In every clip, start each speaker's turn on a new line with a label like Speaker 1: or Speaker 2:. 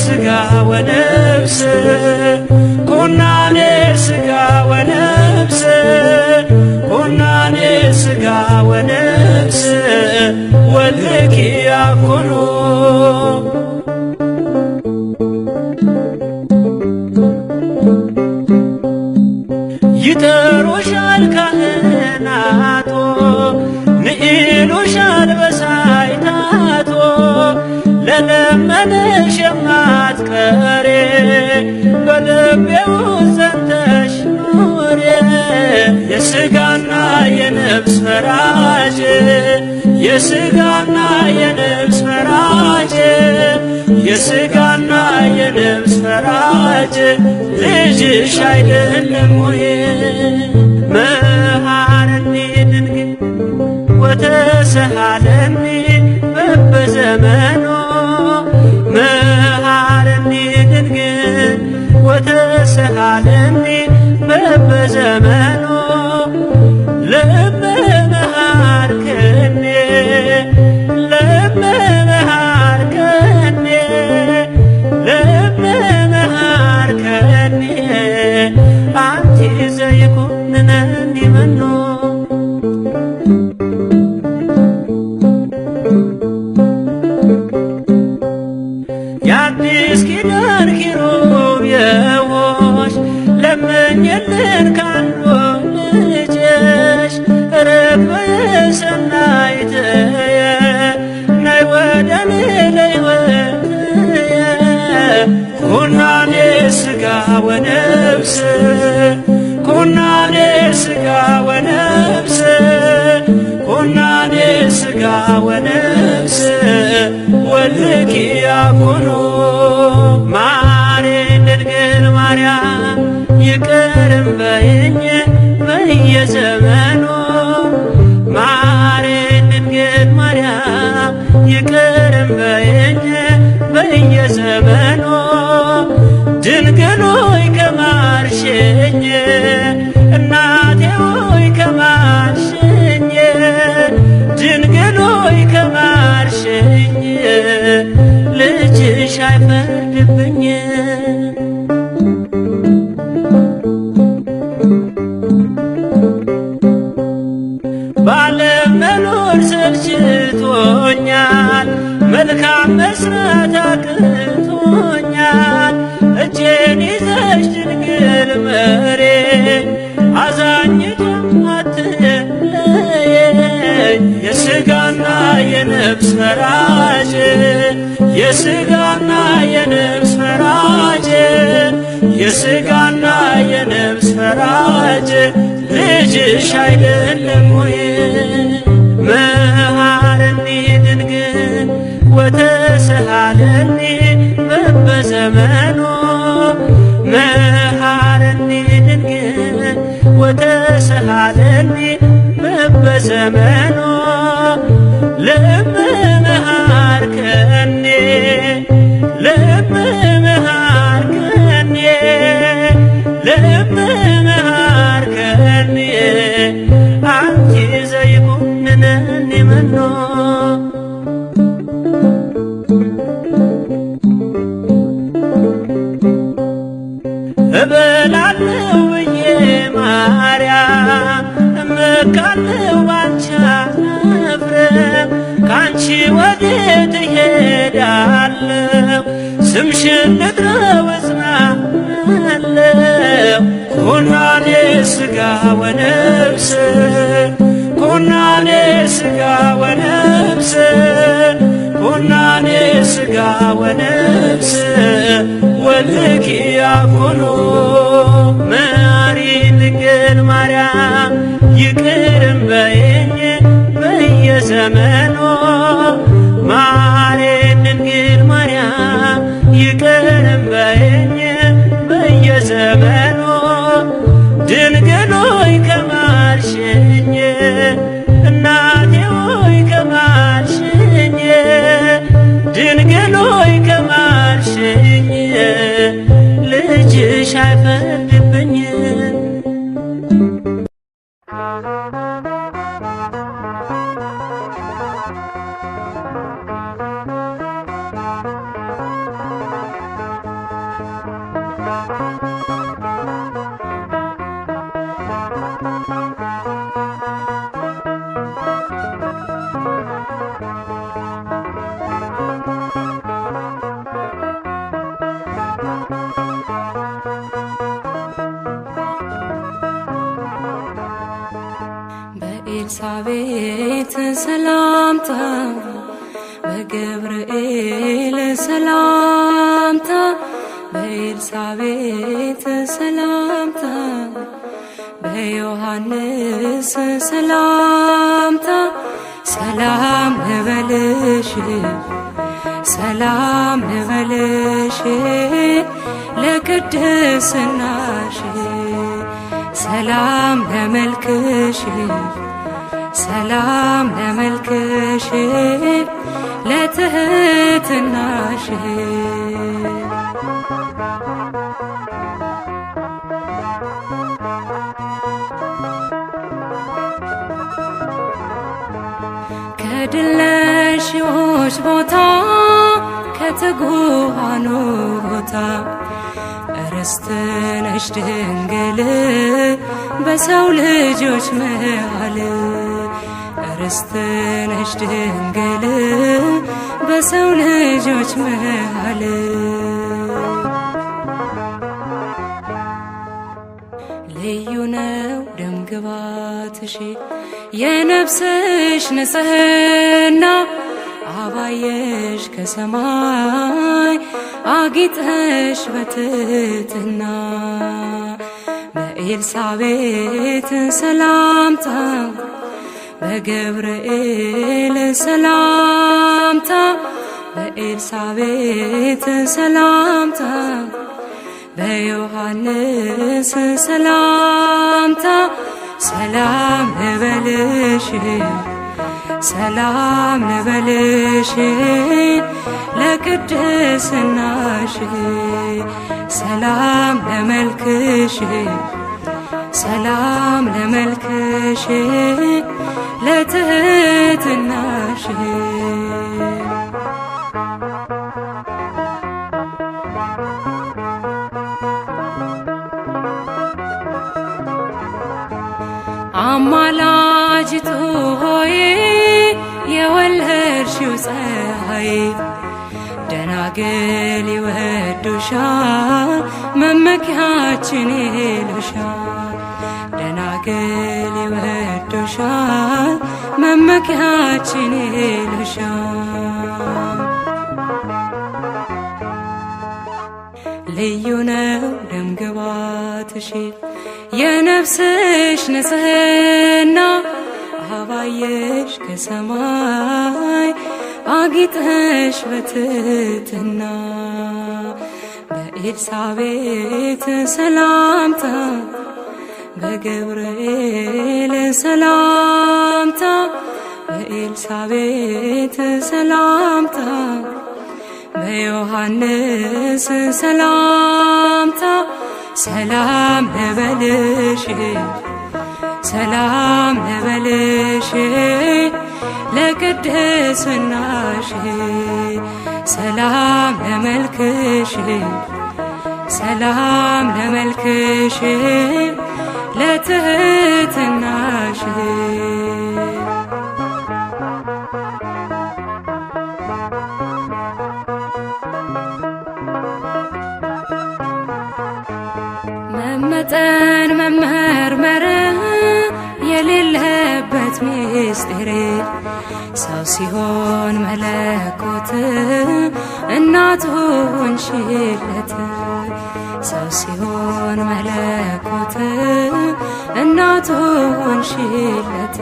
Speaker 1: ስጋ ወነፍስ የሥጋና የነፍስ ፈራጅ የሥጋና የነፍስ ፈራጅ የሥጋና ፈራጅ ልጅሽ አይደለም ወይ? መሐረኒ ድንግል ወተሰሃለኒ መሐረኒ ድንግል ወተሰሃለኒ ሄደብኝ ልጅሽ አይደለም ወይ እበላለሁ ብዬ ማርያም እመካለሁ ባንቺ አላፍርም ካንቺ ወዴት እሄዳለሁ ስምሽን ልጥረው እጽናናለሁ ኩናኔ ሥጋ ወነፍስ ኩናኔ ሥጋ ወነፍስ ኩናኔ ሥጋ ወነፍስ ወትኪ አኮኖ ድንግል ማርያም በየዘመን
Speaker 2: ዳዊት ሰላምታ በገብርኤል ሰላምታ በኤልሳቤት ሰላምታ በዮሐንስ ሰላምታ ሰላም ልበልሽ ሰላም ልበልሽ ለቅድስናሽ ሰላም ለመልክሽ ሰላም ለመልክሽ ለትህትናሽ ከድለሽዎች ቦታ ከትጉሃኑ ቦታ እርስትነሽ ድንግል በሰው ልጆች መሃል ርስትነሽ ድንግል በሰው ልጆች መሃል ልዩ ነው ደምግባትሽ የነፍስሽ ንጽህና አባየሽ ከሰማይ አጊጠሽ በትትና በኤልሳቤት ሰላምታ በገብርኤል ሰላምታ በኤልሳቤት ሰላምታ በዮሐንስ ሰላምታ ሰላም ንበልሽ ሰላም ንበልሽ ለቅድስናሽ ሰላም ለመልክሽ ሰላም ለመልክሽ ለትህትናሽ አማላጅቱ ሆይ የወለድሽው ፀሐይ ደናግል ይወዱሻል፣ መመኪያችን ይሉሻል ደናግል ይሉሻል፣ መመኪያችን ይሉሻል። ልዩ ነው ደም ግባትሽ የነፍስሽ ንጽሕና አበባየሽ ከሰማይ አጊጠሽ በትትና በኤልሳቤጥ ሰላምታ በገብርኤል ሰላምታ በኤልሳቤት ሰላምታ በዮሐንስ ሰላምታ ሰላም ለበልሽ ሰላም ለበልሽ ለቅድስናሽ ሰላም ለመልክሽ ሰላም ለመልክሽ ለትህትናሽ መመጠን መመርመር የሌለበት ምስጢር ሰው ሲሆን መለኮት እናቱ ሆንሽለት እናቱ ሆንሽለት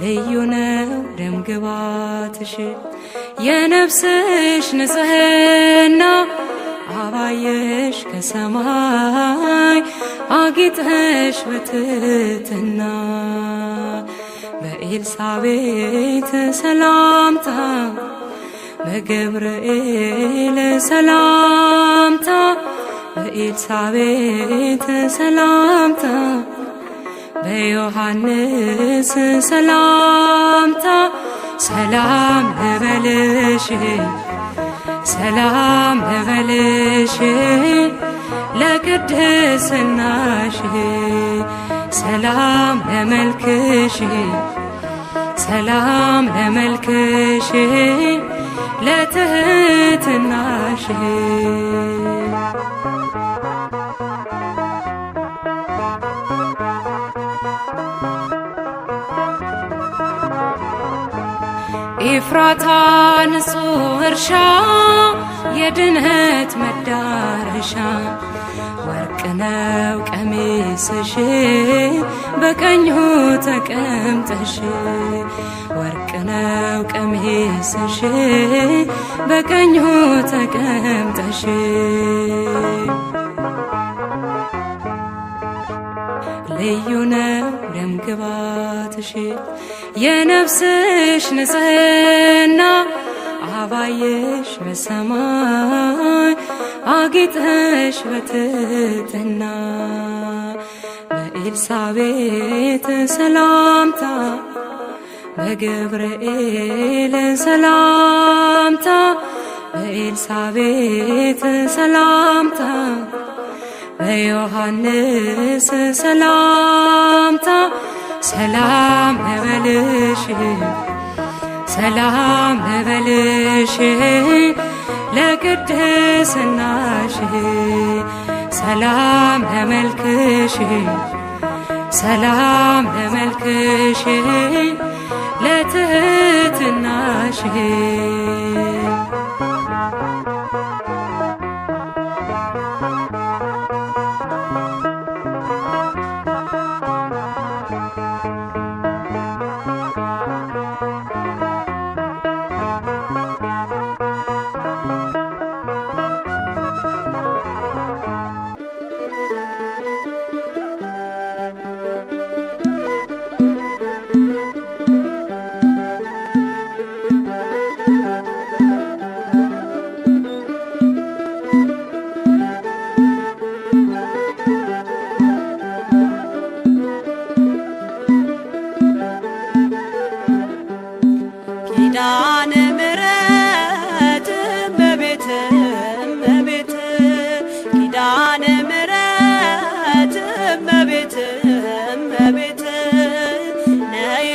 Speaker 2: ልዩ ነው ደምግባትሽ የነፍስሽ ንጽሕና አባየሽ ከሰማይ አጊጠሽ በትትና በኤልሳቤት ሰላምታ በገብርኤል ሰላምታ በኤልሳቤጥ ሰላምታ በዮሐንስ ሰላምታ ሰላም ልበልሽ ሰላም ልበልሽ ለቅድስናሽ ሰላም ለመልክሽ ሰላም ለመልክሽ ለትህትናሽ የፍራታን ንጹህ እርሻ የድህነት መዳረሻ ወርቅ ነው ቀሚስሽ በቀኙ ተቀምጠሽ ወርቅ ነው ቀሚስሽ በቀኙ ተቀምጠሽ ልዩ ነው ደምግባትሽ የነፍስሽ ንጽሕና አባየሽ በሰማይ አጌጠሽ በትሕትና በኤልሳቤጥ ሰላምታ በገብርኤል ሰላምታ በኤልሳቤጥ ሰላምታ በዮሐንስ ሰላምታ ሰላም እበልሽ ሰላም እበልሽ ለቅድስናሽ ሰላም ለመልክሽ ሰላም ለመልክሽ ለትህትናሽ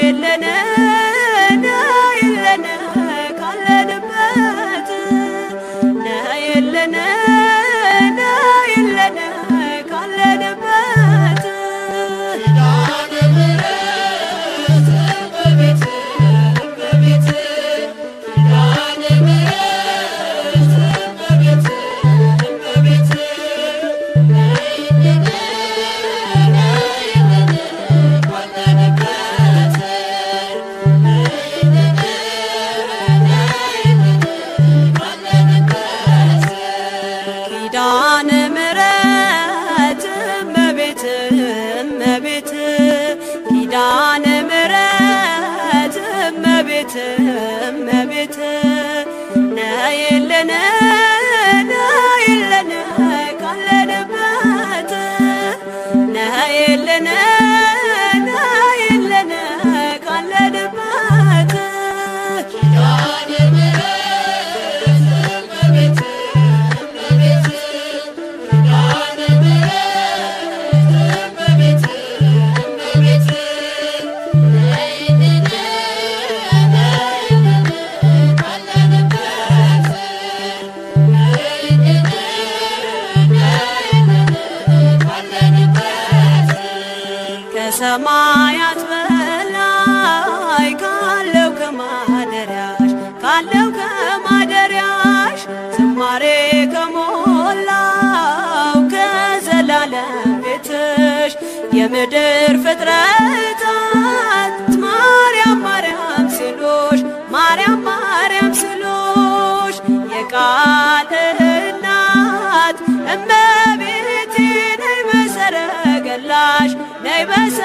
Speaker 2: የለንም ኪዳነ ምሕረት እመቤት እመቤት ኪዳነ ምሕረት እመቤት እመቤት ነይልን ነይልን ካለንበት ነይልን ከሰማያት በላይ ካለው ከማደሪያሽ ካለው ከማደሪያሽ ዝማሬ ከሞላው ከዘላለም ቤትሽ የምድር ፍጥረታት ማርያም ማርያም ሲሉሽ ማርያም ማርያም ሲሉሽ የቃል እናት እመቤቴ ነይ በሰረገላሽ ነይ በሰ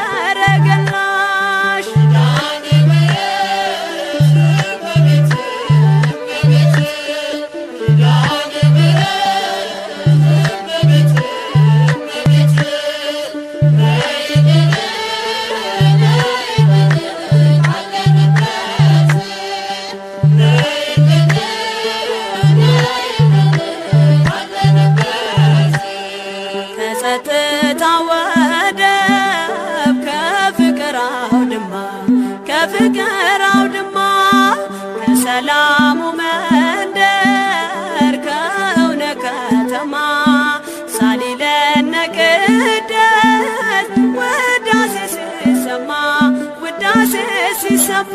Speaker 2: ሰላሙ መንደር ከውነ ከተማ ሳሊለነ ቅደስ ውዳሴ ሲሰማ ውዳሴ ሲሰማ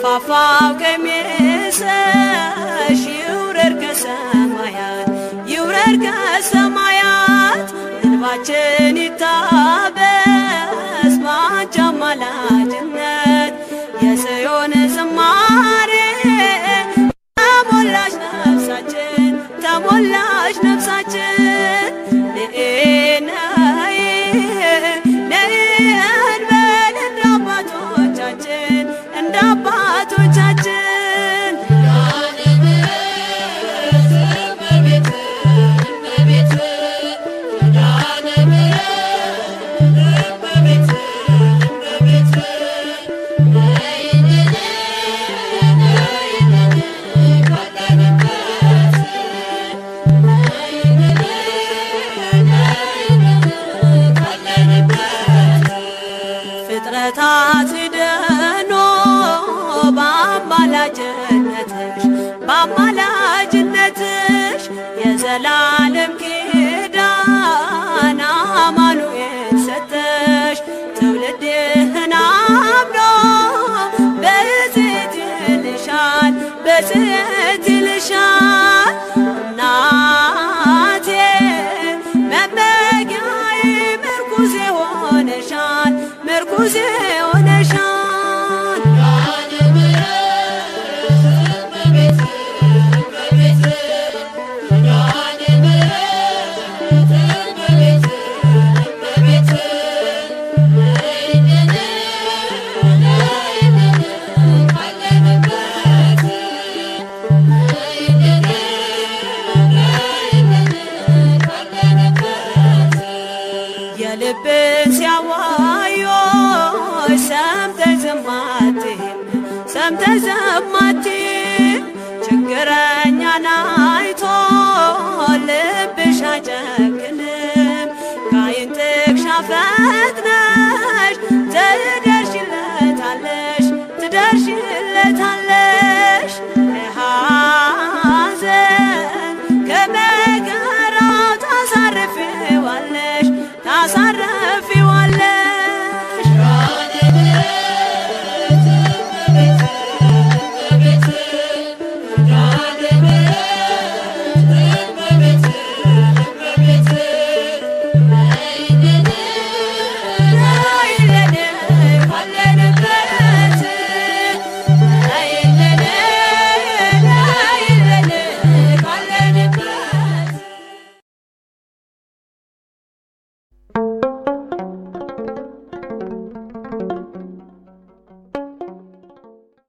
Speaker 2: 发发给面。የዓለም ኪዳን አማኑኤል ሰተሽ ትውልድህን ታሳርፊዋለሽ